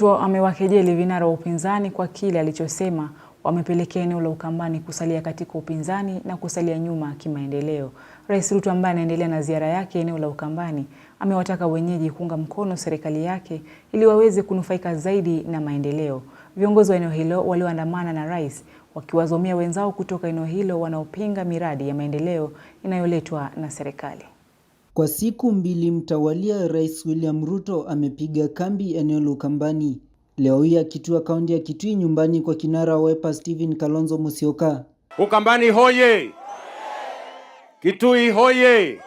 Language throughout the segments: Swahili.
Tua amewakejeli vinara wa upinzani kwa kile alichosema wamepelekea eneo la Ukambani kusalia katika upinzani na kusalia nyuma kimaendeleo. Rais Ruto ambaye anaendelea na ziara yake eneo la Ukambani amewataka wenyeji kuunga mkono serikali yake ili waweze kunufaika zaidi na maendeleo. Viongozi wa eneo hilo walioandamana na rais wakiwazomea wenzao kutoka eneo hilo wanaopinga miradi ya maendeleo inayoletwa na serikali. Kwa siku mbili mtawalia, Rais William Ruto amepiga kambi eneo la Ukambani, leo hii akitua kaunti ya Kitui, nyumbani kwa kinara wa Wiper Stephen Kalonzo Musyoka. Ukambani hoye! Kitui hoye!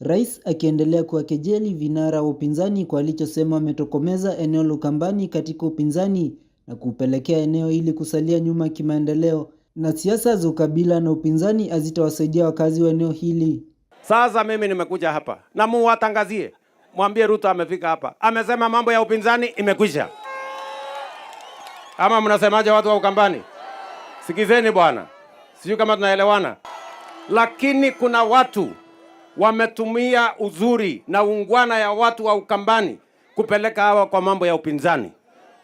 Rais akiendelea kuwakejeli vinara wa upinzani kwa alichosema ametokomeza eneo la Ukambani katika upinzani na kupelekea eneo hili kusalia nyuma kimaendeleo, na siasa za ukabila na upinzani hazitawasaidia wakazi wa eneo hili. Sasa mimi nimekuja hapa na muwatangazie, mwambie Ruto amefika hapa, amesema mambo ya upinzani imekwisha. Ama mnasemaje watu wa Ukambani? Sikizeni bwana, sijui kama tunaelewana, lakini kuna watu wametumia uzuri na ungwana ya watu wa Ukambani kupeleka hawa kwa mambo ya upinzani.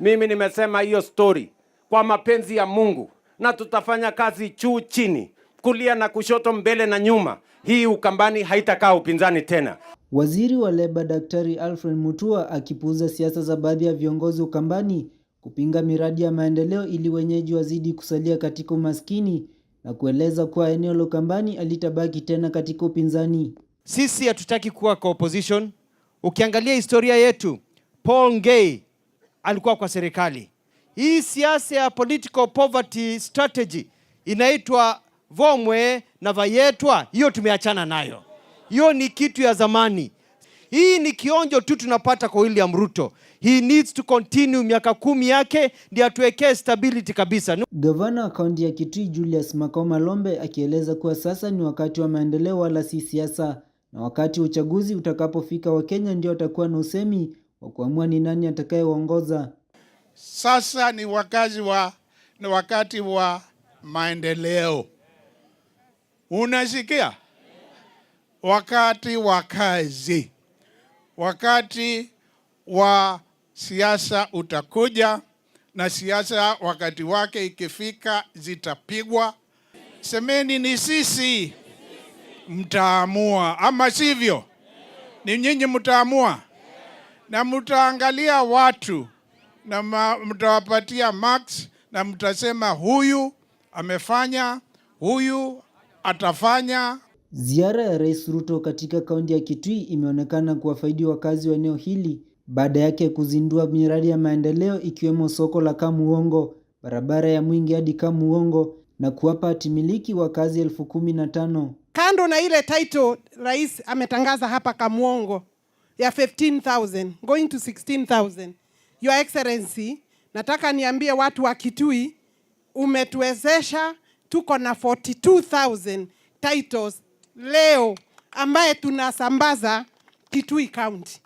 Mimi nimesema hiyo stori kwa mapenzi ya Mungu, na tutafanya kazi chuu chini kulia na kushoto, mbele na nyuma. Hii Ukambani haitakaa upinzani tena. Waziri wa Leba Daktari Alfred Mutua akipuuza siasa za baadhi ya viongozi Ukambani kupinga miradi ya maendeleo ili wenyeji wazidi kusalia katika umaskini na kueleza kuwa eneo la Ukambani alitabaki tena katika upinzani. Sisi hatutaki kuwa kwa opposition. Ukiangalia historia yetu, Paul Ngei alikuwa kwa serikali. Hii siasa ya political poverty strategy inaitwa vomwe na vayetwa, hiyo tumeachana nayo, hiyo ni kitu ya zamani. Hii ni kionjo tu tunapata kwa William Ruto. He needs to continue miaka kumi yake ndio atuwekee stability kabisa. Gavana kaunti ya Kitui Julius Makoma Lombe akieleza kuwa sasa ni wakati wa maendeleo wala si siasa, na wakati uchaguzi utakapofika Wakenya ndio watakuwa na usemi wa kuamua ni nani atakayeongoza. Sasa ni wakazi wa, ni wakati wa maendeleo. Unasikia? Wakati wa kazi, wakati wa siasa utakuja, na siasa wakati wake ikifika zitapigwa. Semeni ni sisi, mtaamua ama sivyo? Ni nyinyi mtaamua, na mtaangalia watu na mtawapatia max na mtasema huyu amefanya, huyu atafanya. Ziara ya Rais Ruto katika kaunti ya Kitui imeonekana kuwafaidi wakazi wa eneo hili baada yake kuzindua miradi ya maendeleo ikiwemo soko la Kamuongo, barabara ya Mwingi hadi Kamuongo na kuwapa timiliki wakazi elfu kumi na tano. Kando na ile title rais ametangaza hapa Kamuongo ya 15000 going to 16000. Your Excellency, nataka niambie watu wa Kitui umetuwezesha tuko na 42000 titles leo ambaye tunasambaza Kitui County.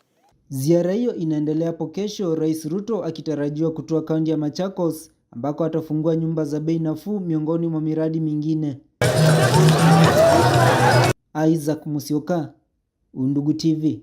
Ziara hiyo inaendelea hapo kesho, Rais Ruto akitarajiwa kutoa kaunti ya Machakos ambako atafungua nyumba za bei nafuu miongoni mwa miradi mingine. Isaac Musioka, Undugu TV.